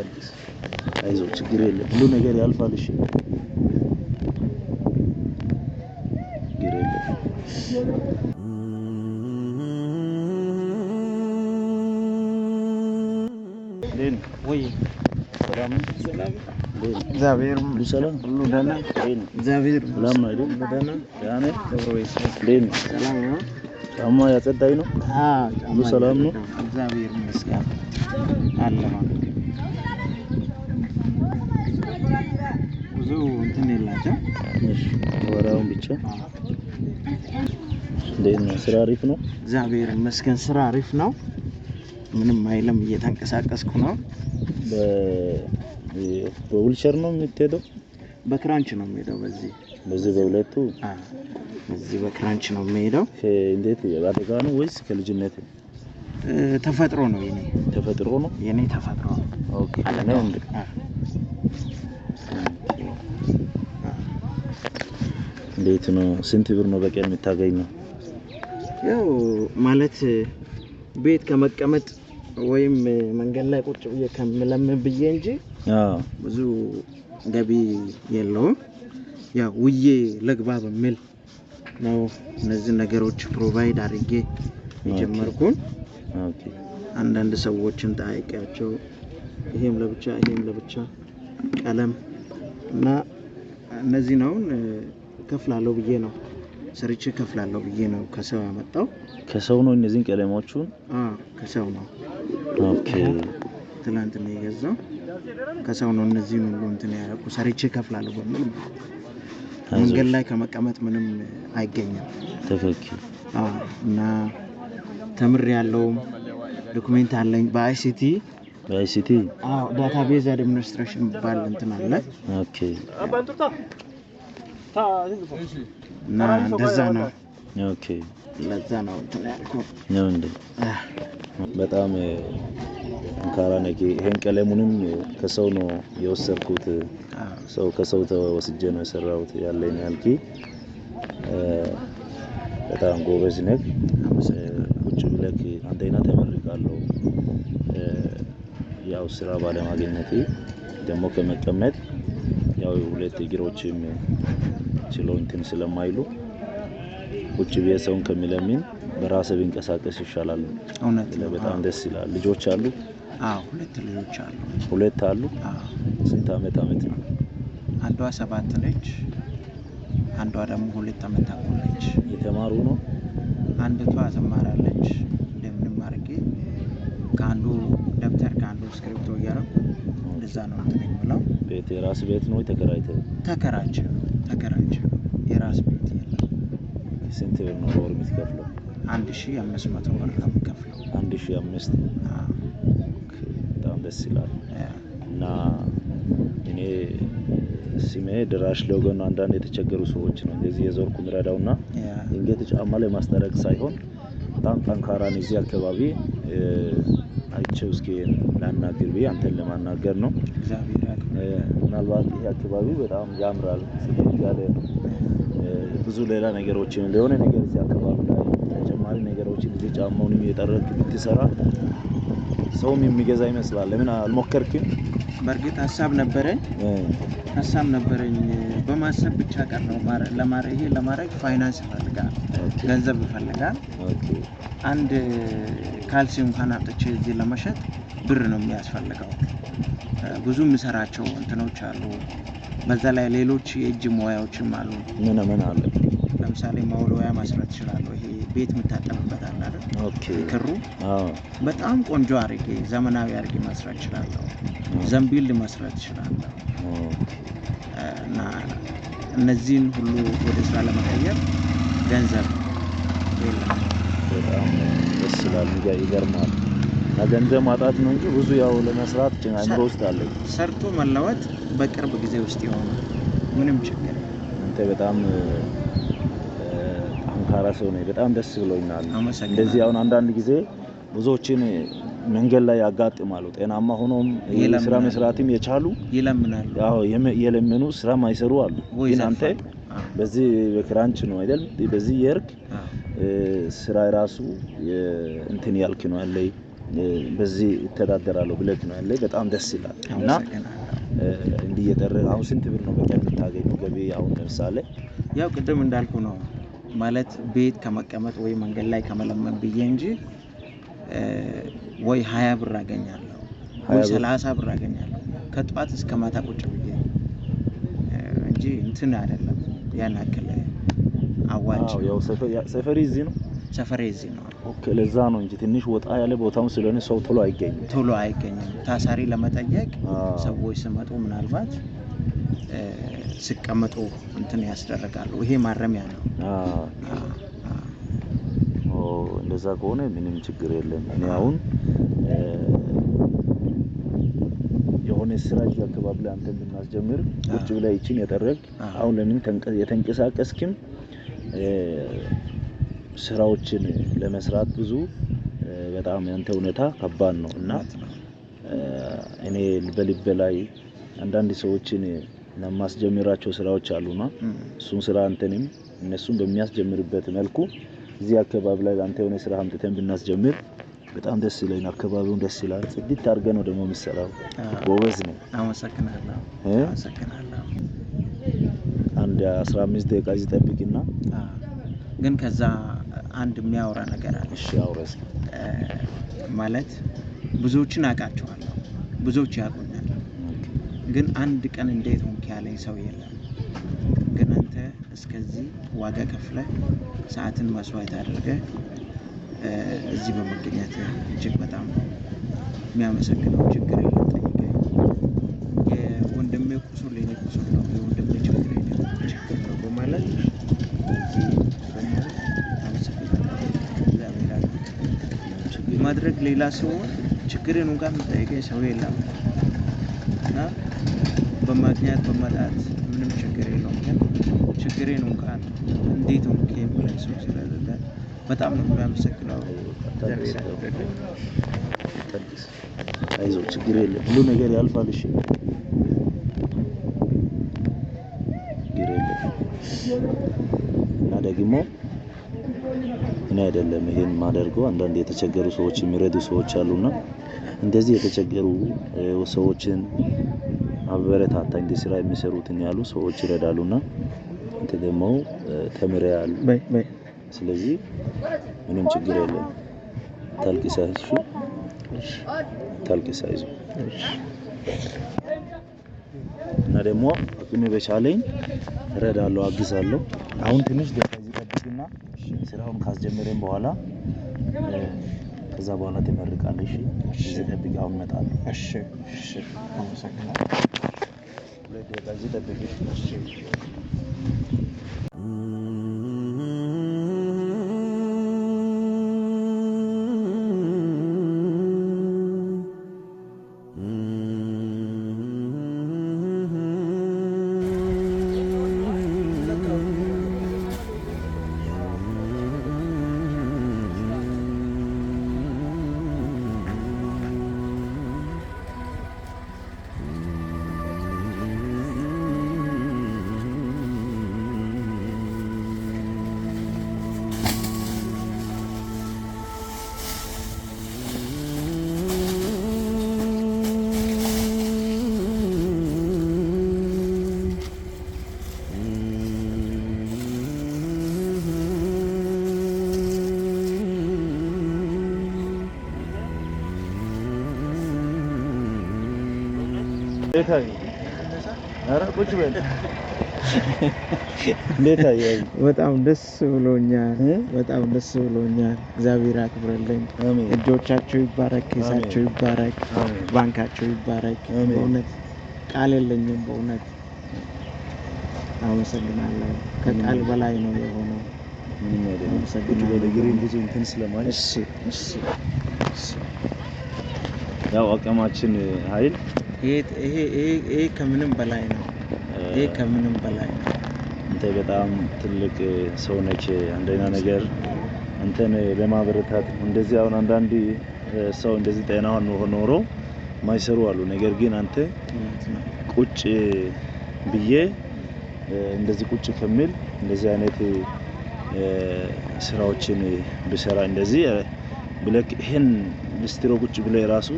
ቀንስ። አይዞህ ችግር የለም ሁሉ ነገር ያልፋል። እሺ ችግር የለም። ጫማ ያጸዳኝ ነው። ሰላም ነው። እግዚአብሔር ይመስገን አለ ማለት ነው። ብዙ እንትን የላቸው። ወራውን ብቻ እንዴት ነው? ስራ አሪፍ ነው። እግዚአብሔር ይመስገን ስራ አሪፍ ነው። ምንም አይልም። እየተንቀሳቀስኩ ነው። በውልቸር ነው የምትሄደው? በክራንች ነው የምሄደው። በዚህ በዚህ በሁለቱ እዚህ በክራንች ነው የምሄደው። እንዴት አደጋ ነው ወይስ ከልጅነት ተፈጥሮ ነው? የኔ ተፈጥሮ ነው። የኔ ተፈጥሮ ነው። ኦኬ እንዴት ነው? ስንት ብር ነው በቀን የምታገኘው? ያው ማለት ቤት ከመቀመጥ ወይም መንገድ ላይ ቁጭ ብዬ ከምለምን ብዬ እንጂ ብዙ ገቢ የለውም። ያ ውዬ ለግባ በሚል ነው እነዚህ ነገሮች ፕሮቫይድ አድርጌ የጀመርኩን። አንዳንድ ሰዎችን ጠያቂያቸው ይሄም ለብቻ ይሄም ለብቻ ቀለም እና እነዚህ አሁን ከፍላለሁ ብዬ ነው ሰርቼ ከፍላለሁ ብዬ ነው ከሰው ያመጣው። ከሰው ነው እነዚህን ቀለማዎቹን? ከሰው ነው ትላንት ነው የገዛው። ከሰው ነው እነዚህን ሁሉ እንትን ያደረኩ ሰርቼ ከፍላለሁ በሚል መንገድ ላይ ከመቀመጥ ምንም አይገኝም። ትክክል እና ተምር ያለውም ዶክሜንት አለኝ በአይሲቲ በአይሲቲ ዳታቤዝ አድሚኒስትሬሽን የሚባል እንትን አለ። ኦኬ እና እንደዛ ነው። ኦኬ ለዛ ነው ነው እንዴ? በጣም ጠንካራ ነ ይሄን ቀለሙንም ከሰው ነው የወሰድኩት። ሰው ከሰው ተወስጄ ነው የሰራሁት ያለኝ ያልኪ በጣም ጎበዝ ነህ። ቁጭ ብለህ አንደኛ ተመርቃለሁ። ያው ስራ ባለማግኘቴ ደግሞ ከመቀመጥ ያው ሁለት እግሮችም ችለው እንትን ስለማይሉ ቁጭ ብዬ ሰውን ከሚለምን በራሴ ቢንቀሳቀስ ይሻላል። በጣም ደስ ይላል። ልጆች አሉ፣ ሁለት ልጆች አሉ፣ ሁለት አሉ። ስንት አመት አመት ነው? አንዷ ሰባት ነች፣ አንዷ ደግሞ ሁለት አመት ተኩል ነች። የተማሩ ነው። አንድቷ ትማራለች። እንደምንም አድርጌ ከአንዱ ደብተር ከአንዱ እስክሪፕቶ እያደረኩ እንደዛ ነው ምትለኝ የምለው። ቤት የራስ ቤት ነው ተከራይተ? ተከራቸ ተከራይ ስንት ብር ነው በወር የምትከፍለው? አንድ ሺ አምስት መቶ ብር ነው የምከፍለው። አንድ ሺ አምስት በጣም ደስ ይላል። እና እኔ ስሜ ድራሽ ሎጎን አንዳንድ የተቸገሩ ሰዎች ነው እንደዚህ የዞርኩ ምረዳው እና ድንገት ጫማ ላይ ማስጠረቅ ሳይሆን በጣም ጠንካራ ነው። እዚህ አካባቢ አይቼው እስኪ ላናገር ብዬ አንተን ለማናገር ነው። ምናልባት ይህ አካባቢ በጣም ያምራል ያለ ብዙ ሌላ ነገሮችን እንደሆነ ነገር እዚህ አካባቢ ላይ ተጨማሪ ነገሮችን እዚህ ጫማውንም እየጠረግ ብትሰራ ሰውም የሚገዛ ይመስላል። ለምን አልሞከርክም? በእርግጥ ሀሳብ ነበረኝ ሀሳብ ነበረኝ በማሰብ ብቻ ቀር ነው። ይሄ ለማድረግ ፋይናንስ ይፈልጋል፣ ገንዘብ ይፈልጋል። አንድ ካልሲ እንኳን አምጥቼ እዚህ ለመሸጥ ብር ነው የሚያስፈልገው። ብዙ የምሰራቸው እንትኖች አሉ በዛ ላይ ሌሎች የእጅ ሙያዎችም አሉ። ምን ምን አለ? ለምሳሌ መወልወያ ማስራት ይችላሉ። ይሄ ቤት የምታጠብበት አለ አይደል? ክሩ በጣም ቆንጆ አድርጌ ዘመናዊ አድርጌ ማስራት ይችላለሁ። ዘንቢል ማስራት ይችላለሁ። እና እነዚህን ሁሉ ወደ ስራ ለመቀየር ገንዘብ የለም። በጣም ደስ ይላል። ይገርማል። ገንዘብ ማጣት ነው እንጂ ብዙ ያው ለመስራት አይምሮ ውስጥ አለኝ ሰርቶ መለወጥ በቅርብ ጊዜ ውስጥ የሆነ ምንም ችግር አንተ በጣም ጠንካራ ሰው ነህ። በጣም ደስ ብሎኛል። እንደዚህ አሁን አንዳንድ ጊዜ ብዙዎችን መንገድ ላይ ያጋጥማሉ። ጤናማ ሆኖም ስራ መስራትም የቻሉ ይለምናሉ። የለመኑ ስራ ማይሰሩ አሉ። ግን አንተ በዚህ በክራንች ነው አይደል? በዚህ የርክ ስራ ራሱ እንትን ያልክ ነው ያለ በዚህ ይተዳደራለሁ ብለህ ነው ያለ። በጣም ደስ ይላል እና እንዲህ እየጠረግ አሁን ስንት ብር ነው በቃ የምታገኙ ገቢ? አሁን ለምሳሌ ያው ቅድም እንዳልኩ ነው ማለት ቤት ከመቀመጥ ወይ መንገድ ላይ ከመለመን ብዬ እንጂ ወይ ሀያ ብር አገኛለሁ ወይ ሰላሳ ብር አገኛለሁ ከጠዋት እስከ ማታ ቁጭ ብዬ እንጂ እንትን አይደለም ያን አዋጭ ሰፈሪ እዚህ ነው ሰፈሬ እዚህ ነው። ኦኬ፣ ለዛ ነው እንጂ ትንሽ ወጣ ያለ ቦታም ስለሆነ ሰው ቶሎ አይገኝም። ቶሎ አይገኝም። ታሳሪ ለመጠየቅ ሰዎች ስመጡ ምናልባት ሲቀመጡ እንትን ያስደርጋሉ። ይሄ ማረሚያ ነው። እንደዛ ከሆነ ምንም ችግር የለም። እኔ አሁን የሆነ ስራ እዚህ አካባቢ ላይ አንተ ብናስጀምር ቁጭ ብላ ይችን የጠረግ አሁን ለምን የተንቀሳቀስክም ስራዎችን ለመስራት ብዙ በጣም ያንተ እውነታ ከባድ ነው እና እኔ በልቤ ላይ አንዳንድ ሰዎችን ለማስጀምራቸው ስራዎች አሉና እሱን ስራ አንተንም እነሱን በሚያስጀምርበት መልኩ እዚህ አካባቢ ላይ ለአንተ የሆነ ስራ አምጥተን ብናስጀምር በጣም ደስ ይለኝ። አካባቢውን ደስ ይላል። ጽድት አድርገህ ነው ደግሞ የሚሰራው። ጎበዝ ነው። አመሰግናለሁ። አንድ አስራ አምስት ደቂቃ ይጠብቅና ግን ከዛ አንድ የሚያወራ ነገር አለ። ማለት ብዙዎችን አውቃቸዋለሁ፣ ብዙዎች ያውቁኛል። ግን አንድ ቀን እንዴት ሆንክ ያለኝ ሰው የለም። ግን አንተ እስከዚህ ዋጋ ከፍለ ሰዓትን መስዋዕት አድርገ እዚህ በመገኘት እጅግ በጣም የሚያመሰግነው ችግር የለም ጠይቀኝ። የወንድሜ ቁስል ቁስል ነው፣ የወንድሜ ችግር ችግር ነው በማለት ማድረግ ሌላ ሲሆን ችግርን እንኳን የምጠይቀኝ ሰው የለም እና በምክንያት በመጣት ምንም ችግር የለውም። ግን ችግሬን እንኳን እንዴት ሆንክ የሚለኝ ሰው ስለሌለ በጣም ነው የሚያመሰግነው። አይዞህ፣ ችግር የለም፣ ሁሉ ነገር ያልፋል። እሺ፣ ችግር የለም እና ደግሞ እኔ አይደለም ይሄን ማደርገው። አንዳንድ የተቸገሩ ሰዎች የሚረዱ ሰዎች አሉና እንደዚህ የተቸገሩ ሰዎችን አበረታታ እንዲ ስራ የሚሰሩትን ያሉ ሰዎች ይረዳሉና እንት ደግሞ ተምሬ ያሉ ስለዚህ ምንም ችግር የለም። ታልቅሳይዙ ታልቅሳይዙ እና ደግሞ አቅሜ በቻለኝ እረዳለሁ፣ አግዛለሁ። አሁን ትንሽ ስራውን ካስጀመረን በኋላ ከዛ በኋላ ትመርቃለሽ። እዚህ ጠብቂ፣ አሁን እመጣለሁ። እሺ፣ እሺ፣ አመሰግናለሁ። እዚህ ጠብቂ። እንዴት በጣም ደስ ብሎኛል። በጣም ደስ ብሎኛል። እግዚአብሔር አክብረልኝ። እጆቻቸው ይባረክ፣ ኪሳቸው ይባረክ፣ ባንካቸው ይባረክ። በእውነት ቃል የለኝም። በእውነት አመሰግናለሁ። ከቃል በላይ ነው የሆነው። ያው አቅማችን ኃይል ይሄ ከምንም በላይ ነው። ይሄ ከምንም በላይ ነው። አንተ በጣም ትልቅ ሰው ነች። አንደኛ ነገር አንተን ለማበረታት እንደዚህ አሁን አንዳንድ ሰው እንደዚህ ጤናዋን ኖሮ ማይሰሩ አሉ። ነገር ግን አንተ ቁጭ ብዬ እንደዚህ ቁጭ ከሚል እንደዚህ አይነት ስራዎችን ብሰራ እንደዚህ ብለህ ይህን ሊስትሮ ቁጭ ብለህ ራሱ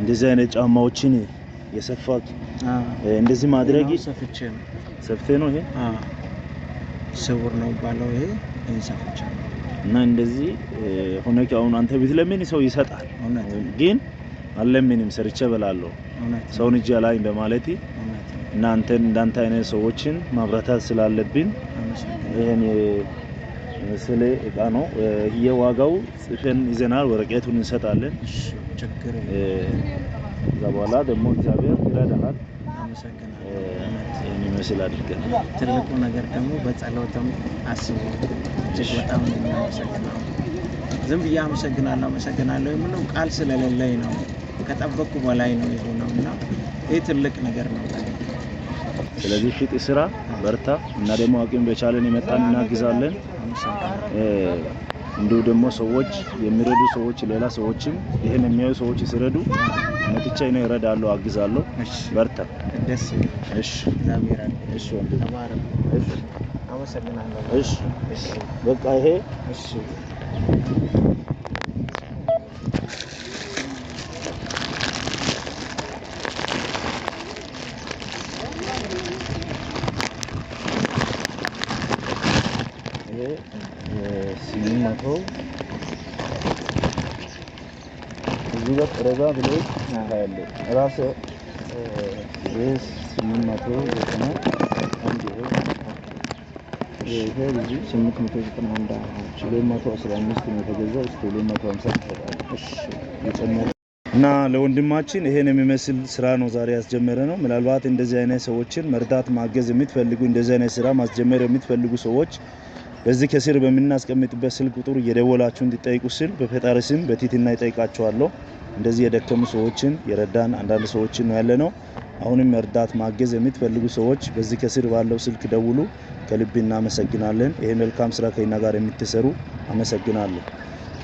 እንደዚህ አይነት ጫማዎችን የሰፋት እንደዚህ ማድረግ ሰፍቼ ነው። ሰፍቴ ነው ይሄ ስውር ነው ባለው ይሄ እኔ ሰፍቼ ነው እና እንደዚህ ሆነክ አሁን አንተ ለምን ሰው ይሰጣል፣ ግን አለምንም ሰርቼ እበላለሁ ሰውን እጅ አላይም በማለት እና አንተን እንዳንተ አይነት ሰዎችን ማብረታት ስላለብን ይሄን ስለ እቃ ነው የዋጋው ጽፈን ይዘናል። ወረቀቱን እንሰጣለን። ከዛ በኋላ ደግሞ እግዚአብሔር ይረዳናል። የሚመስል አድርገን ትልቁ ነገር ደግሞ በጸሎትም አስቡ። እጅግ በጣም የሚያመሰግነው ዝም ብዬ አመሰግናለሁ አመሰግናለሁ የምለው ቃል ስለሌለኝ ነው። ከጠበቅኩ በላይ ነው የሆነው እና ይህ ትልቅ ነገር ነው። ስለዚህ ፊት ስራ በርታ እና ደግሞ አቅም በቻለን የመጣን እናግዛለን። እንዲሁ ደግሞ ሰዎች የሚረዱ ሰዎች ሌላ ሰዎችም ይህን የሚያዩ ሰዎች ሲረዱ መጥቼ ነው ይረዳሉ፣ አግዛለሁ። በርታ። ደስ እሺ፣ እሺ፣ እሺ፣ በቃ ይሄ እሺ አልፈው እዚህ ጋር ብሎ ራስ ስምንት መቶ ዘጠና አንድ ይሄ ስምንት መቶ ዘጠና አንድ ሁለት መቶ አስራ አምስት ነው የተገዛው። እስከ ሁለት መቶ ሀምሳ ይጨመር እና ለወንድማችን ይሄን የሚመስል ስራ ነው ዛሬ ያስጀመረ ነው። ምናልባት እንደዚህ አይነት ሰዎችን መርዳት ማገዝ የምትፈልጉ እንደዚህ አይነት ስራ ማስጀመር የምትፈልጉ ሰዎች በዚህ ከስር በምናስቀምጥበት ስልክ ቁጥር እየደወላችሁ እንዲጠይቁ ስል በፈጣሪ ስም በትህትና ይጠይቃችኋለሁ። እንደዚህ የደከሙ ሰዎችን የረዳን አንዳንድ ሰዎችን ነው ያለ ነው። አሁንም እርዳት ማገዝ የምትፈልጉ ሰዎች በዚህ ከስር ባለው ስልክ ደውሉ። ከልብ እናመሰግናለን። ይሄ መልካም ስራ ከኛ ጋር የምትሰሩ አመሰግናለሁ።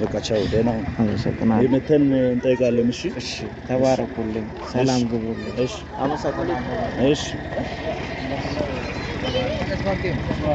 በቃ ቻው፣ ደህና አመሰግናለሁ። መተን እንጠይቃለን። እሺ፣ እሺ፣ ተባረኩልን። ሰላም ግቡልን። እሺ፣ አመሰግናለሁ። እሺ እሺ ሰላም ግቡልኝ እሺ አመሰግናለሁ እሺ